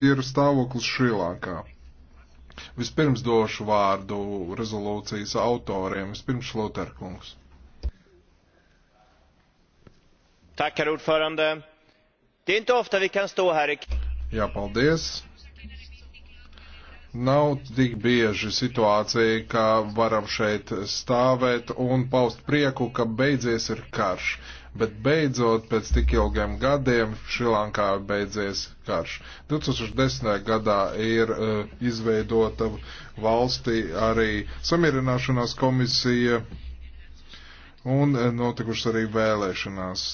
ir stāvoklis Šrilankā. Vispirms došu vārdu rezolūcijas autoriem. Vispirms Šloterkungs. Tack, herr ordförande. Det är inte ofta vi kan stå här i... Jā, paldies. Nav tik bieži situācija, ka varam šeit stāvēt un paust prieku, ka beidzies ir karš. Uh, bet beidzot pēc tik ilgiem gadiem Šrilankā beidzies karš. 2010. gadā ir uh, izveidota valstī arī samierināšanās komisija un eh, notikušas arī vēlēšanās.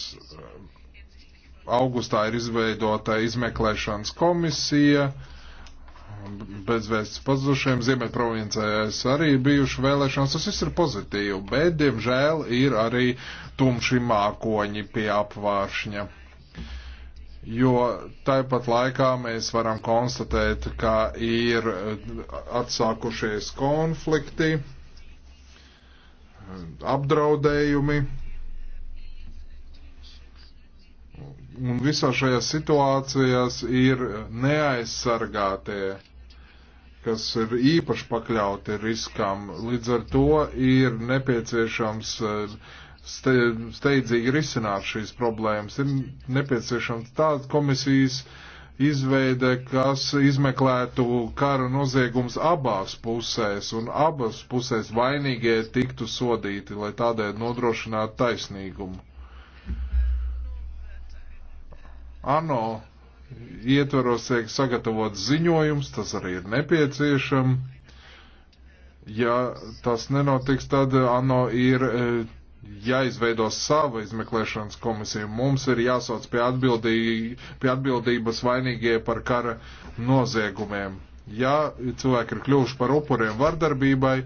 Augustā ir izveidota izmeklēšanas komisija. Uh, bezvēsts pazudušiem. Ziemeļprovincē es arī bijuši vēlēšanās. Tas viss ir pozitīvi, bet, diemžēl, ir arī tumši mākoņi pie apvāršņa. Jo tāpat laikā mēs varam konstatēt, ka ir atsākušies konflikti, apdraudējumi. Un visā šajās situācijās ir neaizsargātie kas ir īpaši pakļauti riskam. Līdz ar to ir nepieciešams eh, steidzīgi risināt šīs problēmas. Ir nepieciešams tāds komisijas izveide, kas izmeklētu kara noziegums abās pusēs, un abas pusēs vainīgie tiktu sodīti, lai tādēļ nodrošinātu taisnīgumu. Ano ietvaros tiek sagatavots ziņojums, tas arī ir nepieciešams. Ja tas nenotiks, tad ANO ir e, jāizveido sava izmeklēšanas komisija. Mums ir jāsauc pie, atbildī, pie atbildības vainīgie par kara noziegumiem. Ja cilvēki ir kļuvuši par upuriem vardarbībai,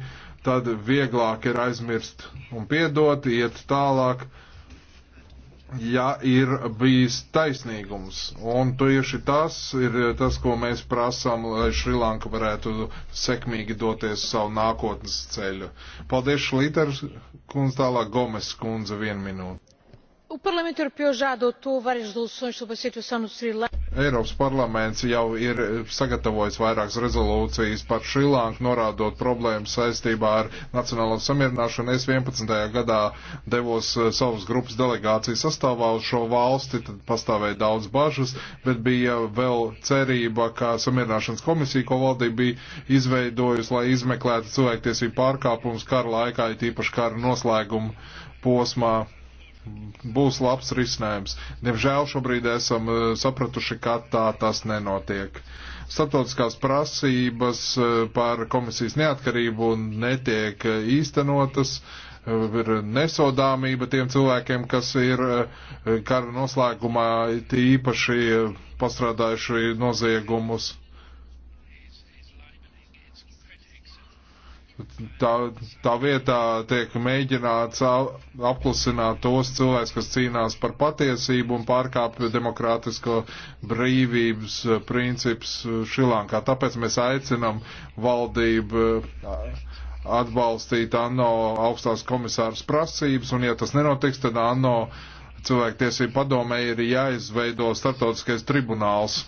tad vieglāk ir aizmirst un piedot, iet tālāk ja ir bijis taisnīgums. Un tieši tas ir tas, ko mēs prasām, lai Šrilanka varētu sekmīgi doties savu nākotnes ceļu. Paldies, Šlīters, kundze, tālāk Gomes, kundze, vienu minūti. O Parlamento Europeu já adotou várias resoluções sobre a situação no Sri Lanka. Eiropas parlaments jau ir eh, sagatavojis vairākas rezolūcijas par Šrilanku, norādot problēmas saistībā ar nacionālo samierināšanu. Es 11. gadā devos eh, savas grupas delegācijas sastāvā uz šo valsti, tad pastāvēja daudz bažas, bet bija vēl cerība, ka samierināšanas komisija, ko valdība bija izveidojusi, lai izmeklētu cilvēktiesību pārkāpumus kara laikā, it īpaši kara noslēguma posmā būs labs risinājums. Diemžēl šobrīd esam eh, sapratuši, ka tā tas nenotiek. Startautiskās prasības eh, par komisijas neatkarību netiek eh, īstenotas ir nesodāmība tiem cilvēkiem, kas ir kara noslēgumā īpaši pastrādājuši noziegumus. tā, tā vietā tiek mēģināts apklusināt tos cilvēkus, kas cīnās par patiesību un pārkāpj demokrātisko brīvības eh, principus eh, Šilankā. Tāpēc mēs aicinam valdību eh, atbalstīt ANO augstās komisāras prasības, un ja tas nenotiks, tad ANO cilvēktiesību padomē ir jāizveido starptautiskais tribunāls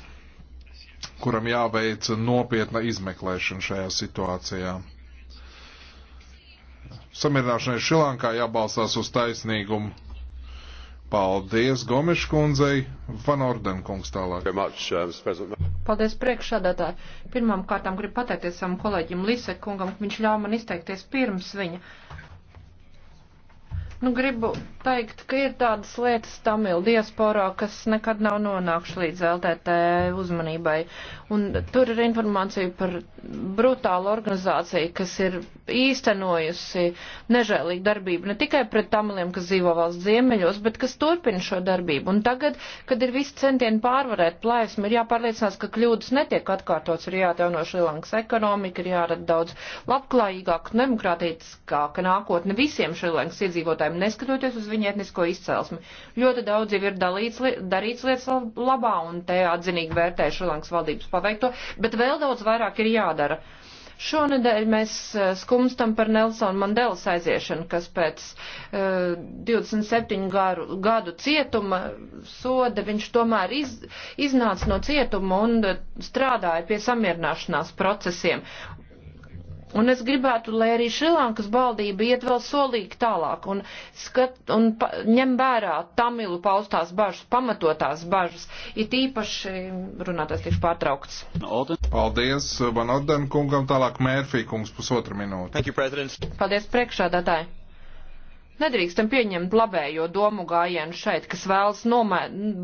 kuram jāveic nopietna izmeklēšana šajā situācijā samierināšanai Šilankā jābalstās uz taisnīgumu. Paldies Gomeša kundzei, Van Orden kungs tālāk. Uh, Paldies priekšsādātāji. Pirmām kārtām gribu pateikties savam kolēģim Lise kungam, ka viņš ļāva man izteikties pirms viņa. Nu, gribu teikt, ka ir tādas lietas Tamilu diasporā, kas nekad nav nonākuši līdz LTT uzmanībai. Un tur ir informācija par brutālu organizāciju, kas ir īstenojusi nežēlīgu darbību ne tikai pret Tamiliem, kas dzīvo valsts ziemeļos, bet kas turpina šo darbību. Un tagad, kad ir visi centieni pārvarēt plēsmu, ir jāpārliecinās, ka kļūdas netiek atkārtots, ir jāatjauno Šrilankas ekonomika, ir jārada daudz labklājīgāka, demokrātīskāka nākotne visiem Šrilankas iedzīvotājiem jautājumu, neskatoties uz viņu etnisko izcelsmi. Ļoti daudz jau ir dalīts, darīts lietas labā, un te atzinīgi vērtēju Šrilankas valdības paveikto, bet vēl daudz vairāk ir jādara. Šonedēļ mēs eh, skumstam par Nelsonu Mandelas aiziešanu, kas pēc uh, eh, 27 garu, gadu cietuma soda viņš tomēr iz, iznāca no cietuma un eh, strādāja pie samierināšanās procesiem. Un es gribētu, lai arī Šrilankas valdība iet vēl solīgi tālāk un, skat, un pa, ņem vērā Tamilu paustās bažas, pamatotās bažas. It īpaši runātājs tiek pārtraukts. Paldies Van Orden kungam, tālāk Mērfī kungs pusotra minūte. Paldies priekšādātāji. Nedrīkstam pieņemt labējo domu gājienu šeit, kas vēlas nomē,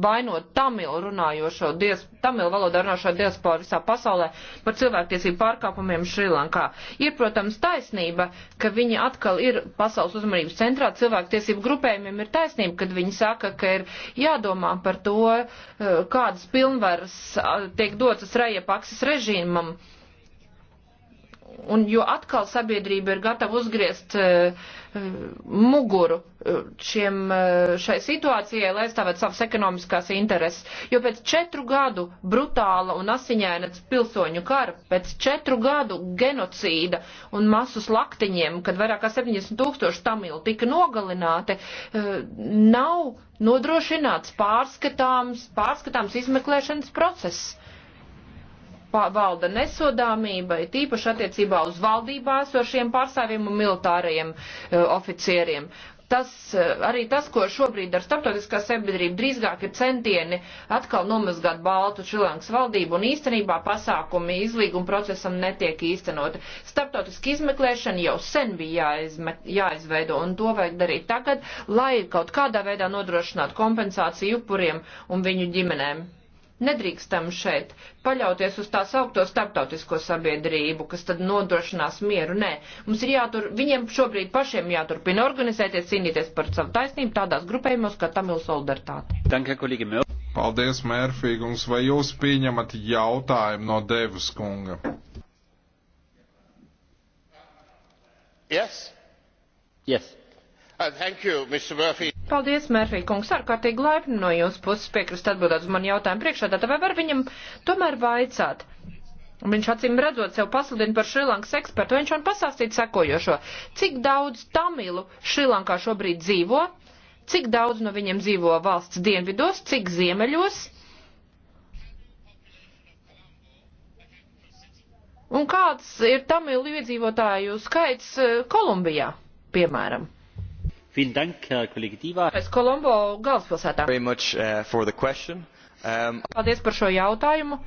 vainot tamilu runājošo, dies, tamilu valodā runājošo diasporu visā pasaulē par cilvēktiesību pārkāpumiem Šrilankā. Ir, protams, taisnība, ka viņi atkal ir pasaules uzmanības centrā, cilvēktiesību grupējumiem ir taisnība, kad viņi saka, ka ir jādomā par to, eh, kādas pilnvaras tiek dotas Reja Paksas režīmam un jo atkal sabiedrība ir gatava uzgriezt uh, muguru e, šiem, uh, šai situācijai, lai aizstāvētu savas ekonomiskās intereses. Jo pēc četru gadu brutāla un asiņaina pilsoņu kara, pēc četru gadu genocīda un masu slaktiņiem, kad vairāk kā 70 tūkstoši tamilu tika nogalināti, uh, nav nodrošināts pārskatāms, pārskatāms izmeklēšanas process valda nesodāmība, tīpaši attiecībā uz valdībā esošiem pārstāvjiem un militārajiem uh, oficieriem tas, e, arī tas, ko šobrīd ar starptautiskā sabiedrība drīzāk ir centieni atkal nomazgāt Baltu Šilankas valdību un īstenībā pasākumi izlīguma procesam netiek īstenoti. Starptautiski izmeklēšana jau sen bija jāizme, jāizveido un to vajag darīt tagad, lai kaut kādā veidā nodrošinātu kompensāciju upuriem un viņu ģimenēm. Nedrīkstam šeit paļauties uz tās augto starptautisko sabiedrību, kas tad nodrošinās mieru. Nē, mums ir jātur, viņiem šobrīd pašiem jāturpina organizēties, cīnīties par savu taisnību tādās grupējumos, kā Tamil solidaritāte. Paldies, Mērfīgums. Vai jūs pieņemat jautājumu no Devas kunga? Yes. Yes. Uh, thank you, Mr. Murphy. Paldies, Mērfī kungs, ārkārtīgi laipni no jūsu puses piekrist atbildēt uz manu jautājumu priekšā, tad vai var viņam tomēr vaicāt? Viņš acīm redzot sev pasludina par Šrilankas ekspertu, viņš man pasāstīja sekojošo. Cik daudz tamilu Šrilankā šobrīd dzīvo, cik daudz no viņiem dzīvo valsts dienvidos, cik ziemeļos, un kāds ir tamilu iedzīvotāju skaits eh, Kolumbijā, piemēram. Pēc Kolombo galvaspilsētā. Uh, um... Paldies par šo jautājumu.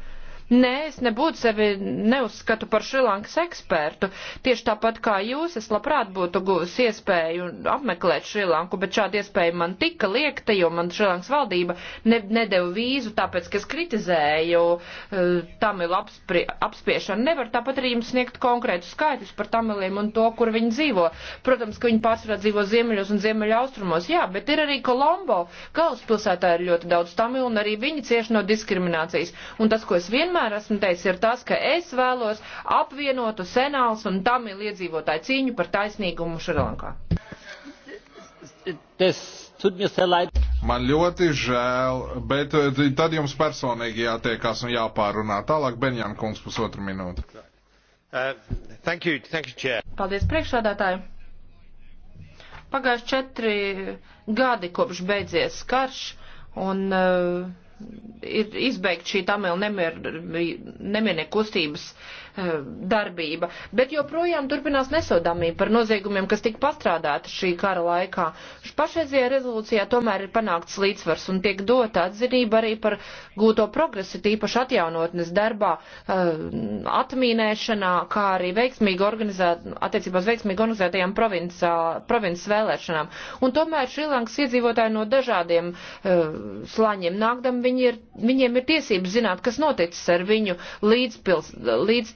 Nē, es nebūtu sevi neuzskatu par Šrilankas ekspertu. Tieši tāpat kā jūs, es labprāt būtu guvis iespēju apmeklēt Šrilanku, bet šāda iespēja man tika liekta, jo man Šrilankas valdība ne, nedeva vīzu, tāpēc, ka es kritizēju uh, eh, tamilu apspri, apspiešanu. Nevar tāpat arī jums sniegt konkrētus skaitļus par tamiliem un to, kur viņi dzīvo. Protams, ka viņi pārsvarā dzīvo ziemeļos un ziemeļa austrumos, jā, bet ir arī Kolombo. Galvaspilsētā ir ļoti daudz tamilu un arī viņi cieši no diskriminācijas. Un tas, ko es vienmēr vienmēr esmu teicis, ir tas, ka es vēlos apvienotu senāls un tamil iedzīvotāju cīņu par taisnīgumu Šrilankā. Man ļoti žēl, bet eh, tad jums personīgi jātiekās un jāpārunā. Tālāk Benjāna kungs pusotru minūti. Uh, thank you, thank you, Paldies priekšādātāju. Pagājuši četri gadi kopš beidzies karš un uh, ir izbeigt šī Tamilu nemiernieku kustības uh, Eh, darbība. Bet joprojām turpinās nesodāmība par noziegumiem, kas tika pastrādāti šī kara laikā. Pašreizajā rezolūcijā tomēr ir panākts līdzsvars un tiek dota atzinība arī par gūto progresu, tīpaši atjaunotnes darbā, eh, atmīnēšanā, kā arī veiksmīgi organizēt, attiecībās veiksmīgi organizētajām provinces vēlēšanām. Un tomēr Šrilankas iedzīvotāji no dažādiem uh, eh, slaņiem nākdam, viņi ir, viņiem ir tiesības zināt, kas noticis ar viņu līdz, pils, līdz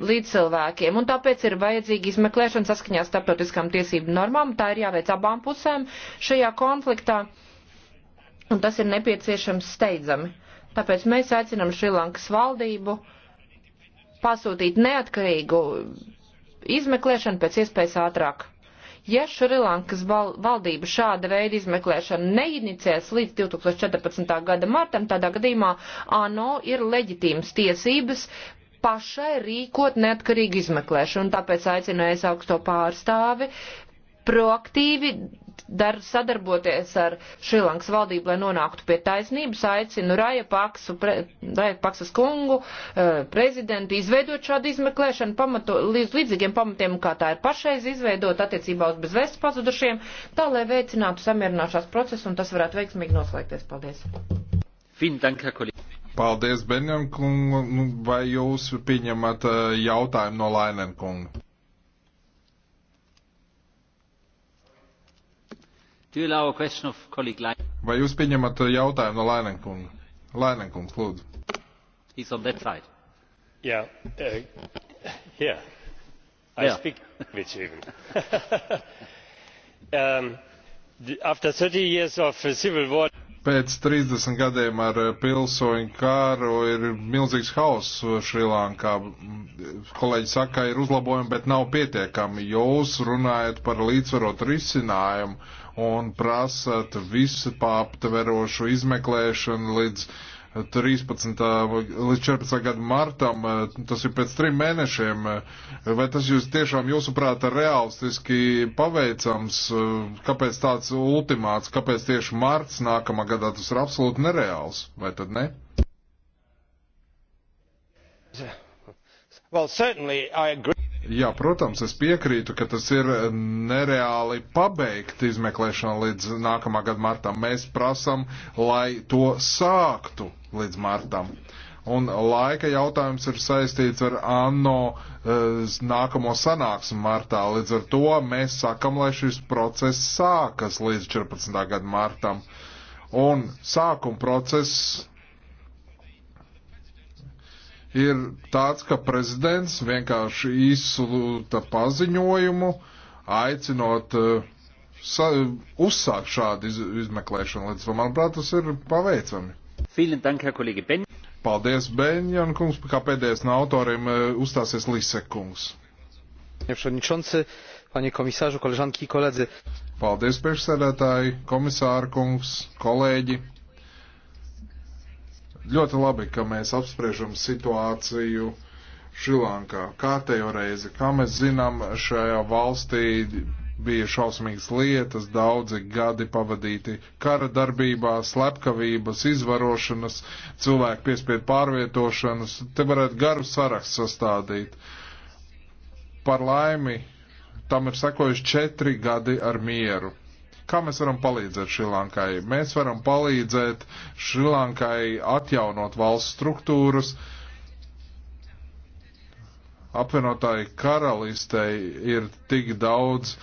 līdz cilvēkiem, un tāpēc ir vajadzīga izmeklēšana saskaņā starptautiskām tiesību normām, tā ir jāveic abām pusēm šajā konfliktā, un tas ir nepieciešams steidzami. Tāpēc mēs aicinam Šrilankas valdību pasūtīt neatkarīgu izmeklēšanu pēc iespējas ātrāk. Ja Šrilankas valdība šāda veida izmeklēšanu neinicēs līdz 2014. gada martam, tādā gadījumā ANO ir leģitīmas tiesības pašai rīkot neatkarīgu izmeklēšanu. Tāpēc aicinājis augsto pārstāvi proaktīvi dar, sadarboties ar Šrilankas valdību, lai nonāktu pie taisnības, aicinu Raja, Paksu, pre, Raja Paksas kungu, eh, prezidentu, izveidot šādu izmeklēšanu pamato, līdz līdzīgiem pamatiem, kā tā ir pašreiz izveidot attiecībā uz bezvēsts pazudušiem, tā lai veicinātu samierināšanās procesu un tas varētu veiksmīgi noslēgties. Paldies! Vielen Dank, Herr Kollege. Paldies, Benjam kungu. Nu, vai jūs pieņemat eh, jautājumu no Lainen kunga? Vai jūs pieņemat eh, jautājumu no Lainen kunga? Lainen kungs, lūdzu. He's on that side. Yeah. Uh, yeah. I yeah. speak with you. um, after 30 years of civil war. Pēc 30 gadiem ar eh, pilsoņu kāru ir milzīgs hauss Šrilankā. Kolēģi saka, ir uzlabojumi, bet nav pietiekami. Jūs runājat par līdzsvarot risinājumu un prasat visu pāraptverošu izmeklēšanu līdz uh, 13. līdz 14. gada martam, eh, tas ir pēc trim mēnešiem, eh, vai tas jūs tiešām jūsuprāt realistiski paveicams, eh, kāpēc tāds ultimāts, kāpēc tieši marts nākamā gadā tas ir absolūti nereāls, vai tad ne? Well, certainly I agree. Jā, protams, es piekrītu, ka tas ir nereāli pabeigt izmeklēšanu līdz nākamā gada martam. Mēs prasam, lai to sāktu līdz martam. Un laika jautājums ir saistīts ar ANO eh, nākamo sanāksmu martā. Līdz ar to mēs sakam, lai šis process sākas līdz 14. gada martam. Un sākuma process ir tāds, ka prezidents vienkārši izsūta paziņojumu, aicinot eh, sa, uzsākt šādu iz, izmeklēšanu. Līdz, manuprāt, tas ir paveicami. Paldies, Benjan kungs, kā pēdējais no autoriem eh, uzstāsies Lise kungs. Paldies, priekšsēdētāji, komisāra kungs, kolēģi. Ļoti labi, ka mēs apspriežam situāciju Šrilankā. Kā te jau reizi, kā mēs zinām, šajā valstī bija šausmīgas lietas, daudzi gadi pavadīti kara darbībā, slepkavības, izvarošanas, cilvēku piespiedu pārvietošanas. Te varētu garu sarakstu sastādīt. Par laimi, tam ir sekojuši četri gadi ar mieru. Kā mēs varam palīdzēt Šrilankai? Mēs varam palīdzēt Šrilankai atjaunot valsts struktūras. Apvienotāji karalistei ir tik daudz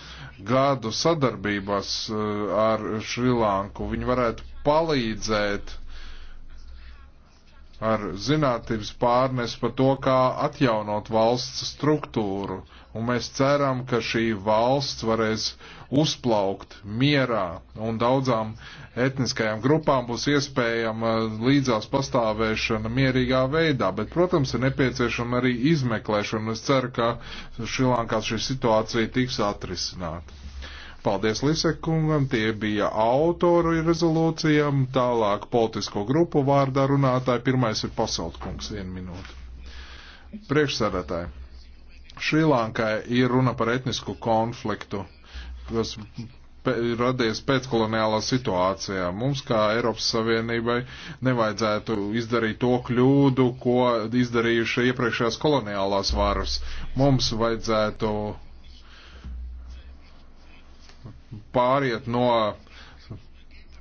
gadu sadarbības uh, ar Šrilanku. Viņi varētu palīdzēt ar zinātības pārnes par to, kā atjaunot valsts struktūru. Uh, un mēs ceram, ka šī valsts varēs uzplaukt mierā un daudzām etniskajām grupām būs iespējama eh, līdzās pastāvēšana mierīgā veidā, bet, protams, ir nepieciešama arī izmeklēšana. Es ceru, ka Šrilankā šī situācija tiks atrisināta. Paldies Lisekungam, tie bija autoru rezolūcijām, tālāk politisko grupu vārdā runātāji, pirmais ir pasautkungs, vienu minūtu. Priekšsēdētāji. Šrilankai ir runa par etnisku konfliktu, kas radies pēckoloniālā situācijā. Mums, kā Eiropas Savienībai, nevajadzētu izdarīt to kļūdu, ko izdarījuši iepriekšējās koloniālās varas. Mums vajadzētu pāriet no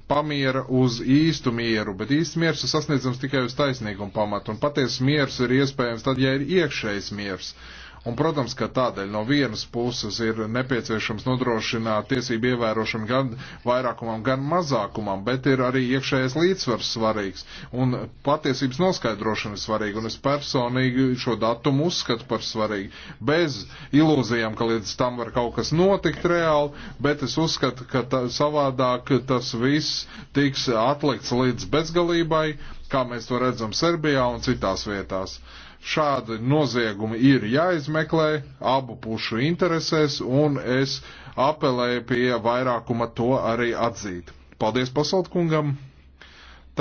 pamiera uz īstu mieru, bet īsts miers ir sasniedzams tikai uz taisnīgumu pamatu, un patiesa miers ir iespējams tad, ja ir iekšējs miers. Uh, Un, protams, ka tādēļ no vienas puses ir nepieciešams nodrošināt tiesību ievērošanu gan vairākumam, gan mazākumam, bet ir arī iekšējais līdzsvars svarīgs un patiesības noskaidrošana ir svarīga. Un es personīgi šo datumu uzskatu par svarīgu. Bez ilūzijām, ka līdz tam var kaut kas notikt reāli, bet es uzskatu, ka tā, savādāk tas viss tiks atlikts līdz bezgalībai, kā mēs to redzam Serbijā un citās vietās. Uh, Šādi noziegumi ir jāizmeklē abu pušu interesēs, un es apelēju pie vairākuma to arī atzīt. Paldies pasaulkungam!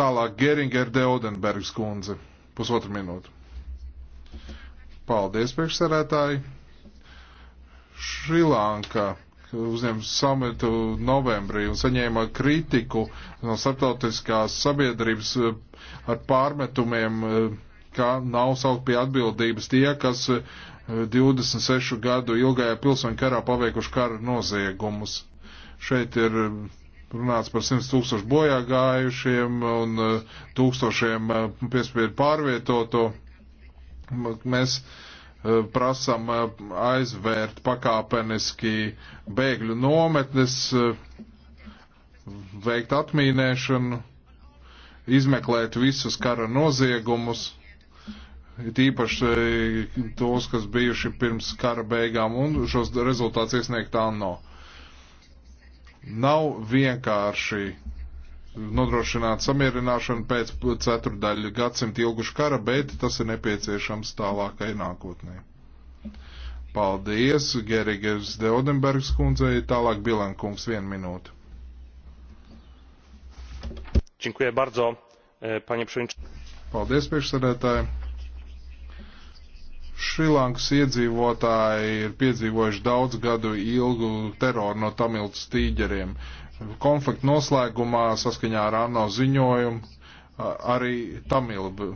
Tālāk Geringer Deodenbergs kundze. Pusotru minūtu. Paldies, priekšsarētāji! Šrilanka uzņēma samitu novembrī un saņēma kritiku no starptautiskās sabiedrības eh, ar pārmetumiem eh, ka nav saukt pie atbildības tie, kas 26 eh, gadu ilgajā pilsoņu karā paveikuši kara noziegumus. Šeit ir eh, runāts par 100 tūkstošu bojā gājušiem un eh, tūkstošiem piespiedu pārvietoto. Mēs prasam aizvērt pakāpeniski bēgļu nometnes, veikt atmīnēšanu, izmeklēt visus kara noziegumus it īpaši eh, tos, kas bijuši pirms kara beigām un šos rezultātus iesniegt ANO. Nav vienkārši nodrošināt samierināšanu pēc ceturdaļa gadsimta ilguša kara, bet tas ir nepieciešams tālākai nākotnē. Paldies, Gerigers Deodenbergs kundzei, tālāk Bilankungs vienu minūtu. Dziękuję bardzo, e, panie przewodniczący. Paldies, priekšsēdētāji. Šrilankas iedzīvotāji ir piedzīvojuši daudz gadu ilgu teroru no tamilu stīģeriem. Konflikta noslēgumā, saskaņā ar ANO ziņojumu, arī tamilu,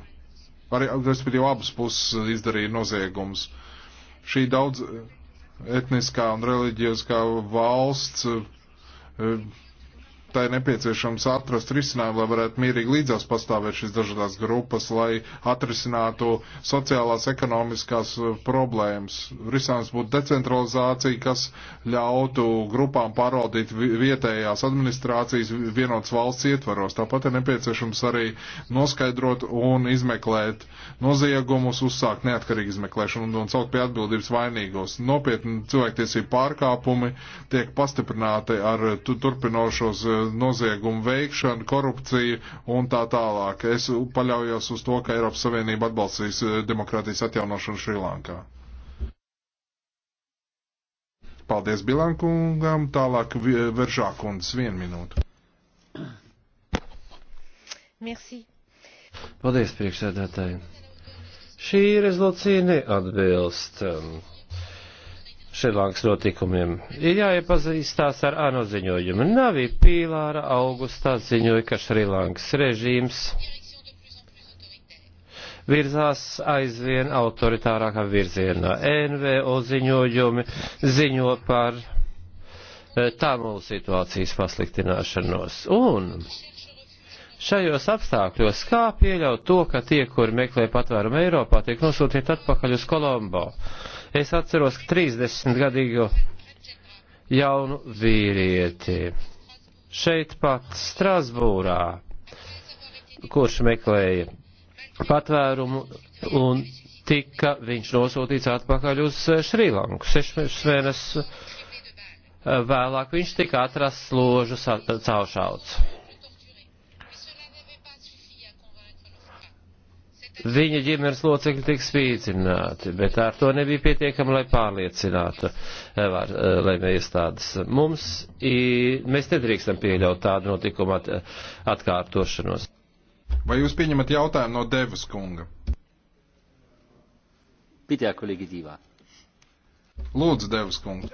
arī, respektīvi, abas puses izdarīja noziegumus. Šī daudz e, etniskā un reliģiskā valsts e, tai nepieciešams atrast risinājumu, lai varētu mierīgi līdzās pastāvēt šīs dažādās grupas, lai atrisinātu sociālās, ekonomiskās uh, problēmas. Risinājums būtu decentralizācija, kas ļautu grupām pārvaldīt vietējās administrācijas vienotas valsts ietvaros. Tāpat ir nepieciešams arī noskaidrot un izmeklēt noziegumus, uzsākt neatkarīgu izmeklēšanu un, un saukt pie atbildības vainīgos. Nopietni cilvēktiesību pārkāpumi tiek pastiprināti ar turpinošos uh, noziegumu veikšanu, korupciju un tā tālāk. Es paļaujos uz to, ka Eiropas Savienība atbalstīs eh, demokrātijas atjaunošanu Šrilankā. Paldies Bilankungam, tālāk Veržākundas vienu minūtu. Merci. Paldies, priekšsēdētāji. Šī rezolūcija neatbilst. Um, Šrilankas notikumiem. Ir jāiepazīstās ar ANO ziņojumu. Navī Pīlāra augustā ziņoja, ka Šrilankas režīms virzās aizvien autoritārākā virzienā. NVO ziņojumi ziņo par eh, tamulu situācijas pasliktināšanos. Un šajos apstākļos kā pieļaut to, ka tie, kuri meklē patvērumu Eiropā, tiek nosūtīti atpakaļ uz Kolombo? Es atceros 30-gadīgu jaunu vīrieti šeit pat Strasbūrā, kurš meklēja patvērumu un tika viņš nosūtīts atpakaļ uz Šrilanku. Sešas mēnešus eh, vēlāk viņš tika atrasts ložu cauršauts. viņa ģimenes locekļi tiks spīdzināti, bet ar to nebija pietiekami, lai pārliecinātu eh, eh, lēmē iestādes. Mums, ir, mēs nedrīkstam pieļaut tādu notikumu at, atkārtošanos. Vai jūs pieņemat jautājumu no Devas kunga? Pitē, kolēģi Dīvā. Lūdzu, Devas kungs.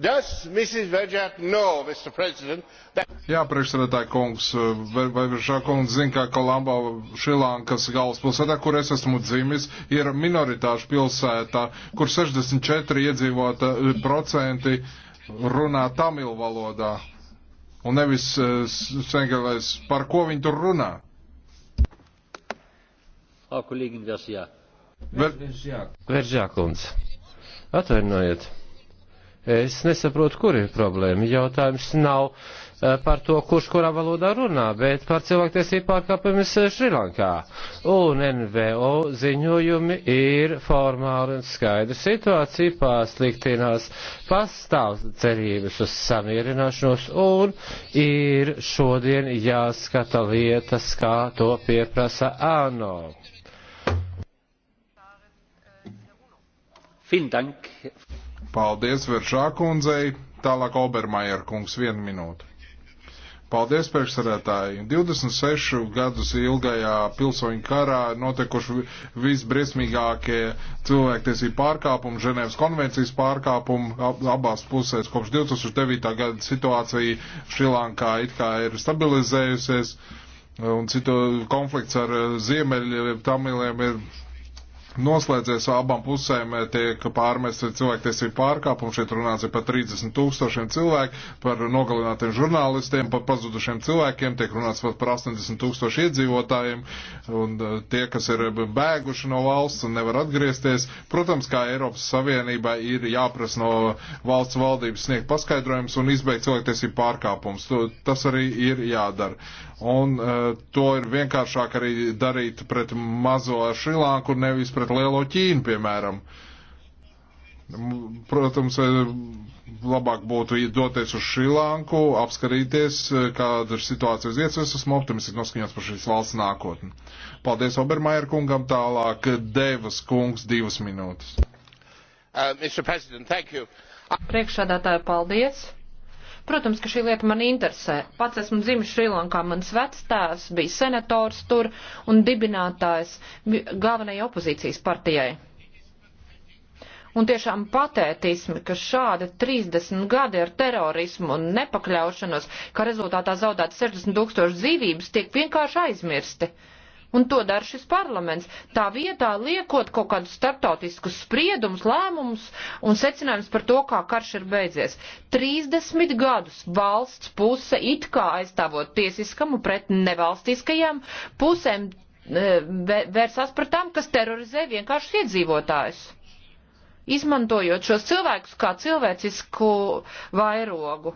Does Mrs. Vergiat know, Mr. President, that... Jā, priekšsēdētāji kungs, vai šā kungs zina, ka Kolambā, Šilankas galvaspilsētā, kur es esmu dzimis, ir minoritāšu pilsēta, kur 64 iedzīvota eh, procenti runā tamilu valodā. Un nevis uh, eh, sengalais, par ko viņi tur runā. Veržjā kundze, atvainojiet. Es nesaprotu, kur ir problēma. Jautājums nav eh, par to, kurš kurā valodā runā, bet par cilvēktiesību pārkāpumus Šrilankā. Un NVO ziņojumi ir formāli un skaidri. Situācija pasliktinās, pastāv cerības uz samierināšanos un ir šodien jāskata lietas, kā to pieprasa ANO. Vielen Dank. Paldies Veržā kundzei, tālāk Obermajer kungs vienu minūtu. Paldies priekšsarētāji. 26 gadus ilgajā pilsoņu karā notekuši visbriesmīgākie cilvēktiesību pārkāpumi, Ženēvas konvencijas pārkāpumi abās pusēs. Kopš 2009. gada situācija Šrilankā it kā ir stabilizējusies un citu konflikts ar Ziemeļu Tamiliem ir noslēdzies abām pusēm eh, tiek pārmesti cilvēktiesību pārkāpumi. Šeit runāts par 30 tūkstošiem cilvēku, par nogalinātiem žurnālistiem, par pazudušiem cilvēkiem, tiek runāts pat par 80 tūkstošu iedzīvotājiem un eh, tie, kas ir eh, bēguši no valsts un nevar atgriezties. Protams, kā Eiropas Savienībai ir jāprasa no valsts valdības sniegt paskaidrojums un izbeigt cilvēktiesību pārkāpumus. Tas arī ir jādara. Un uh, to ir vienkāršāk arī darīt pret mazo Šrilanku, nevis pret pret lielo Ķīnu, piemēram. Protams, eh, labāk būtu doties uz Šrilanku, apskatīties, eh, kāda ir situācija uz vietas. Es esmu optimistiski noskaņots par šīs valsts nākotni. Paldies Obermajer kungam, tālāk Devas kungs divas minūtes. Uh, Priekšādātāji, paldies! Protams, ka šī lieta man interesē. Pats esmu dzimis Šrilankā, mans vecstāvs bija senators tur un dibinātājs galvenajai opozīcijas partijai. Un tiešām patētismi, ka šāda 30 gadi ar terorismu un nepakļaušanos, ka rezultātā zaudēt 60 tūkstoši dzīvības, tiek vienkārši aizmirsti. Uh, Un to dara šis parlaments. Tā vietā liekot kaut kādus startautiskus spriedumus, lēmumus un secinājumus par to, kā karš ir beidzies. 30 gadus valsts puse it kā aizstāvot tiesiskam un pret nevalstiskajām pusēm e, vērsās par tām, kas terorizē vienkāršus iedzīvotājus izmantojot šos cilvēkus kā cilvēcisku vairogu.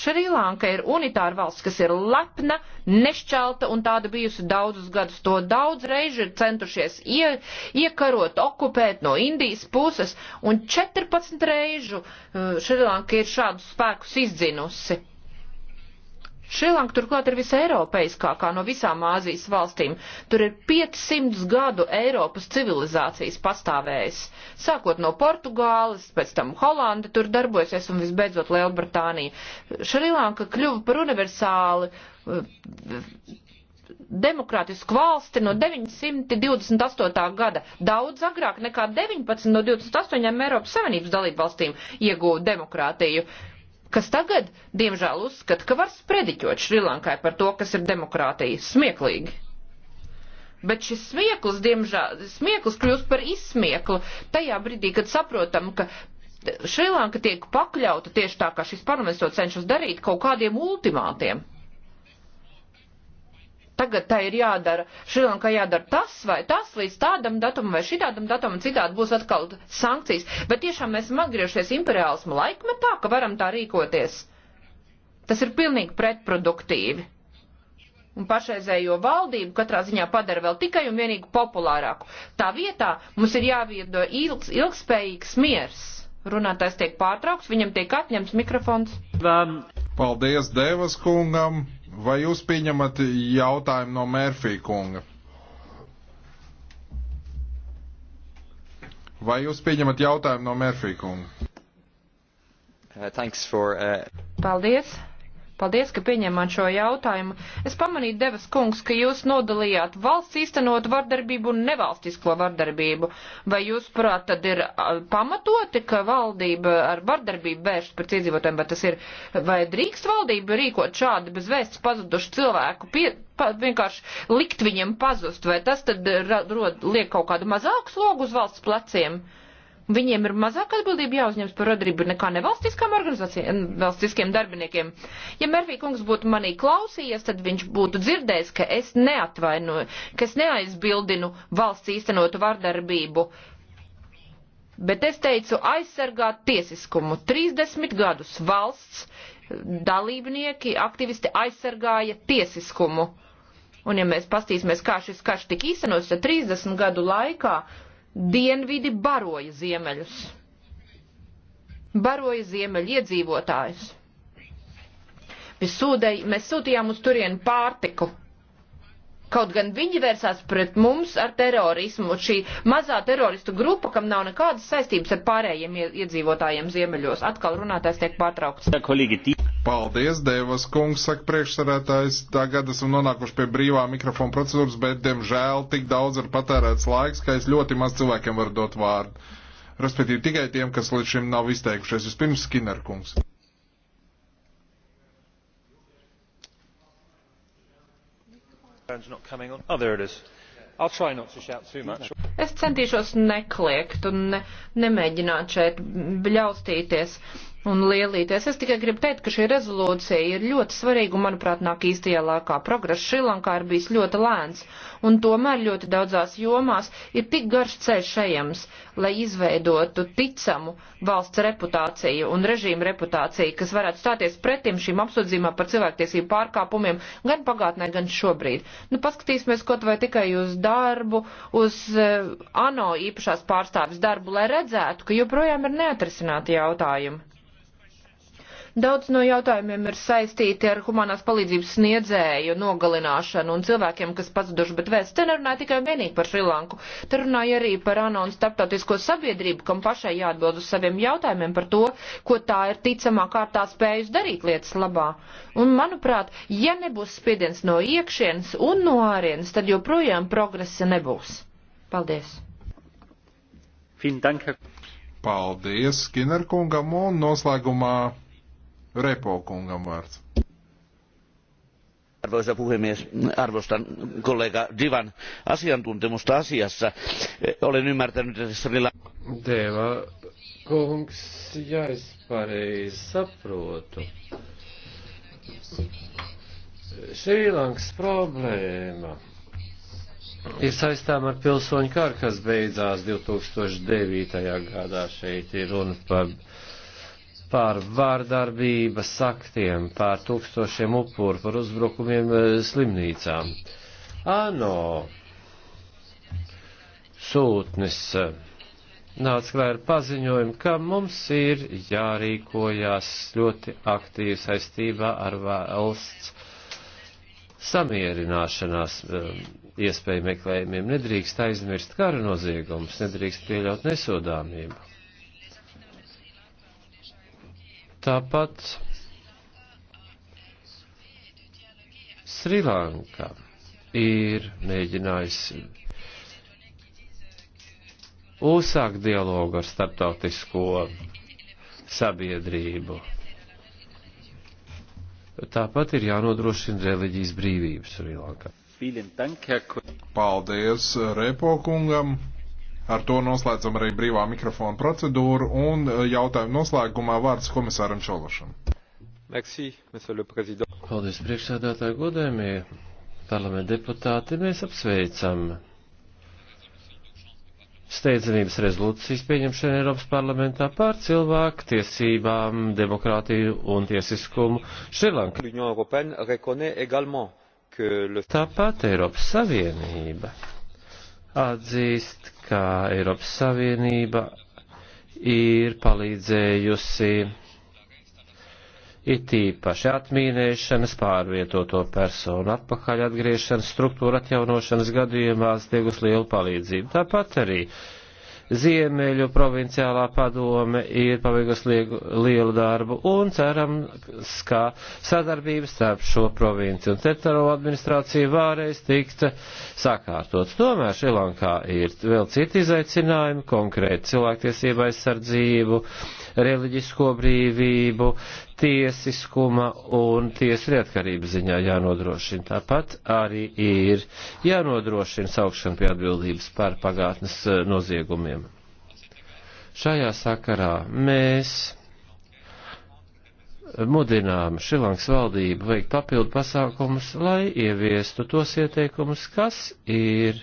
Šrilanka ir unitāra valsts, kas ir lepna, nešķelta un tāda bijusi daudzus gadus. To daudz reizi ir centušies ie, iekarot, okupēt no Indijas puses, un 14 reižu uh, Šrilanka ir šādus spēkus izdzinusi. Šrilanka turklāt ir viseiropeiskākā no visām Āzijas valstīm. Tur ir 500 gadu Eiropas civilizācijas pastāvējis. Sākot no Portugāles, pēc tam Holanda tur darbojasies un visbeidzot Lielbritānija. Šrilanka kļuva par universāli eh, demokrātisku valsti no 928. gada. Daudz agrāk nekā 19 no 28 Eiropas Savienības dalību valstīm iegūta demokrātiju kas tagad, diemžēl, uzskata, ka var sprediķot Šrilankai par to, kas ir demokrātija. Smieklīgi. Bet šis smieklis, diemžēl, smieklis kļūst par izsmieklu tajā brīdī, kad saprotam, ka Šrilanka tiek pakļauta tieši tā, kā šis parlaments to cenšas darīt, kaut kādiem ultimātiem. Tagad tā ir jādara. Šrilanka jādara tas vai tas līdz tādam datumam vai šitādam datumam, citādi būs atkal sankcijas. Bet tiešām mēs esam atgriežies imperiālismu laikmetā, ka varam tā rīkoties. Tas ir pilnīgi pretproduktīvi. Un pašreizējo valdību katrā ziņā padara vēl tikai un vienīgi populārāku. Tā vietā mums ir jāviedo ilgs, ilgspējīgs miers. Runātājs tiek pārtraukts, viņam tiek atņemts mikrofons. Paldies Devas kungam! Vai jūs pieņemat jautājumu no Mērfī kunga? Vai jūs pieņemat jautājumu no Mērfī kunga? Uh, for, uh... Paldies! Paldies, ka pieņēmāt šo jautājumu. Es pamanīju, Devas kungs, ka jūs nodalījāt valsts īstenot vardarbību un nevalstisko vardarbību. Vai jūs, prāt, tad ir pamatoti, ka valdība ar vardarbību vēršas pret iedzīvotājiem, vai tas ir, vai drīkst valdība rīkot šādi bez vēsts pazudušu cilvēku pie, pa, vienkārši likt viņiem pazust, vai tas tad rod, liek kaut kādu mazāku slogu uz valsts pleciem? Viņiem ir mazāk atbildība jāuzņems par radarību nekā nevalstiskām organizācijām, eh, valstiskiem darbiniekiem. Ja Mervī kungs būtu manī klausījies, tad viņš būtu dzirdējis, ka es neatvainoju, ka es neaizbildinu valsts īstenotu vardarbību. Bet es teicu aizsargāt tiesiskumu. 30 gadus valsts eh, dalībnieki, aktivisti aizsargāja tiesiskumu. Un ja mēs pastīsimies, kā šis karš tika īstenots, tad 30 gadu laikā Dienvidi baroja ziemeļus. Baroja ziemeļu iedzīvotājus. Mēs, sūdēj, mēs sūtījām uz turienu pārtiku. Kaut gan viņi vērsās pret mums ar terorismu, un šī mazā teroristu grupa, kam nav nekādas saistības ar pārējiem iedzīvotājiem ziemeļos, atkal runātājs tiek pārtraukts. Paldies, Devas kungs, saka priekšsarētājs. Tagad esam nonākuši pie brīvā mikrofona procedūras, bet, diemžēl, tik daudz ir patērēts laiks, ka es ļoti maz cilvēkiem varu dot vārdu. Respektīvi, tikai tiem, kas līdz šim nav izteikušies. Vispirms, Skinner kungs. Oh, es centīšos nekliegt un ne, nemēģināt šeit bļaustīties. Uh, un lielīties. Es tikai gribu teikt, ka šī rezolūcija ir ļoti svarīga un, manuprāt, nāk īstajā laikā. Progress Šrilankā ir bijis ļoti lēns, un tomēr ļoti daudzās jomās ir tik garš ceļš ejams, lai izveidotu ticamu valsts reputāciju un režīmu reputāciju, kas varētu stāties pretim šīm apsūdzībām par cilvēktiesību pārkāpumiem gan pagātnē, gan šobrīd. Nu, paskatīsimies kaut vai tikai uz darbu, uz uh, ANO īpašās pārstāvis darbu, lai redzētu, ka joprojām ir neatrisināti jautājumi. Daudz no jautājumiem ir saistīti ar humanās palīdzības sniedzēju nogalināšanu un cilvēkiem, kas pazuduši, bet vēsts te nerunāja tikai un vienīgi par Šrilanku. Te runāja arī par ANO un starptautisko sabiedrību, kam pašai jāatbild uz saviem jautājumiem par to, ko tā ir ticamā kārtā spējusi darīt lietas labā. Un, manuprāt, ja nebūs spiediens no iekšienes un no ārienes, tad joprojām progresa nebūs. Paldies! Paldies Skinnerkungam un noslēgumā Repo kungam vārds. Arvoisa puhemies, arvostan kollega Divan asiantuntemusta asiassa. Olen ymmärtänyt, että Sri Lanka... Deva kungs, ja es pareizi saprotu. Šrilankas problēma ir saistām ar pilsoņu karu, kas beidzās 2009. gadā. Šeit ir runa par par vārdarbības aktiem, par tūkstošiem upuru, par uzbrukumiem eh, slimnīcām. Ano sūtnis eh, nāca klāra paziņojumu, ka mums ir jārīkojās ļoti aktīvi saistībā ar valsts samierināšanās eh, iespēju meklējumiem. Nedrīkst aizmirst kara noziegums, nedrīkst pieļaut nesodāmību Tāpat Srilanka ir mēģinājusi uzsākt dialogu ar starptautisko sabiedrību. Tāpat ir jānodrošina reliģijas brīvības Srilankā. Paldies Repo kungam! Ar to noslēdzam arī brīvā mikrofona procedūru un e, jautājumu noslēgumā vārds komisāram Čološam. Merci, Paldies, priekšsēdētāji, godējumie parlamenta deputāti. Mēs apsveicam steidzamības rezolūcijas pieņemšanu Eiropas parlamentā par cilvēku tiesībām, demokrātiju un tiesiskumu Šrilankā. Tāpat Eiropas Savienība atzīst, ka Eiropas Savienība ir palīdzējusi it īpaši atmīnēšanas, pārvietoto personu atpakaļ atgriešanas, struktūra atjaunošanas gadījumā sniegus lielu palīdzību. Tāpat arī uh, Ziemeļu provinciālā padome ir paveikusi lielu, lielu darbu un ceram, ka sadarbība starp šo provinci un teritoriālo administrāciju vārēs tikt sakārtots. Tomēr Šrilankā ir vēl citi izaicinājumi, konkrēti cilvēktiesība aizsardzību, reliģisko brīvību, tiesiskuma un tiesu neatkarības ziņā jānodrošina. Tāpat arī ir jānodrošina saukšana pie atbildības par pagātnes eh, noziegumiem. Šajā sakarā mēs mudinām Šrilankas valdību veikt papildu pasākumus, lai ieviestu tos ieteikumus, kas ir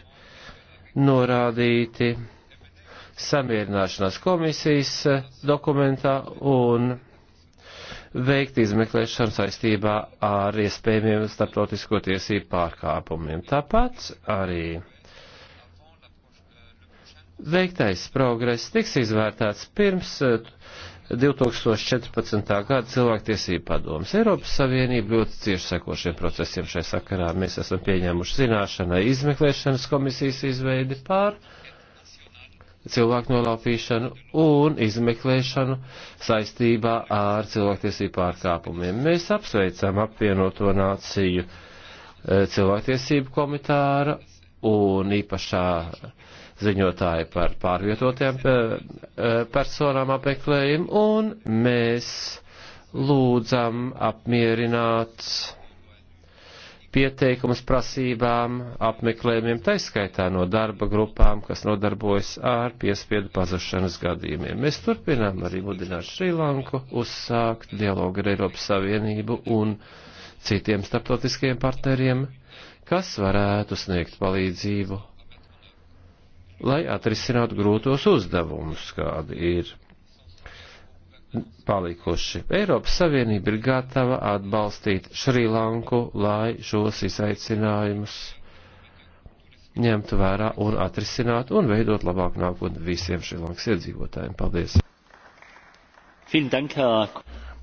norādīti samierināšanās komisijas eh, dokumentā un veikt izmeklēšanu saistībā ar iespējamiem starptautisko tiesību pārkāpumiem. Tāpat arī veiktais progress tiks izvērtēts pirms 2014. Eh, gada cilvēktiesība padomas. Eiropas Savienība ļoti cieši seko šiem procesiem šai sakarā. Mēs esam pieņēmuši zināšanai izmeklēšanas komisijas izveidi pār cilvēku nolaupīšanu un izmeklēšanu saistībā ar cilvēktiesību pārkāpumiem. Mēs apsveicam apvienoto nāciju e, cilvēktiesību komitāra un īpašā ziņotāja par pārvietotiem e, e, personām apmeklējumu, un mēs lūdzam apmierināt pieteikumus prasībām, apmeklējumiem, taiskaitā no darba grupām, kas nodarbojas ar piespiedu pazušanas gadījumiem. Mēs turpinām arī mudināt Šrilanku uzsākt dialogu ar Eiropas Savienību un citiem starptautiskajiem partneriem, kas varētu sniegt palīdzību, lai atrisinātu grūtos uzdevumus, kādi ir palikuši. Eiropas Savienība ir gatava atbalstīt Šrilanku, lai šos izaicinājumus ņemtu vērā un atrisināt un veidot labāku nākotni visiem Šrilankas iedzīvotājiem. Paldies!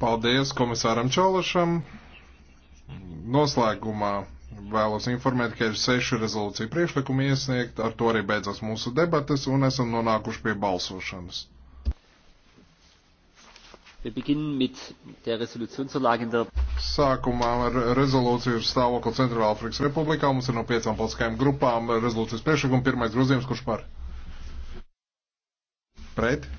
Paldies komisāram Čološam! Noslēgumā vēlos informēt, ka ir seši rezolūcija priekšlikumi iesniegt, ar to arī beidzas mūsu debates un esam nonākuši pie balsošanas. Sākumā ar rezolūciju uz stāvokli Centrālāfrikas Republikā. Mums ir no piecām politiskajām grupām rezolūcijas priekšlikuma. Pirmais grozījums, kurš par? Pret?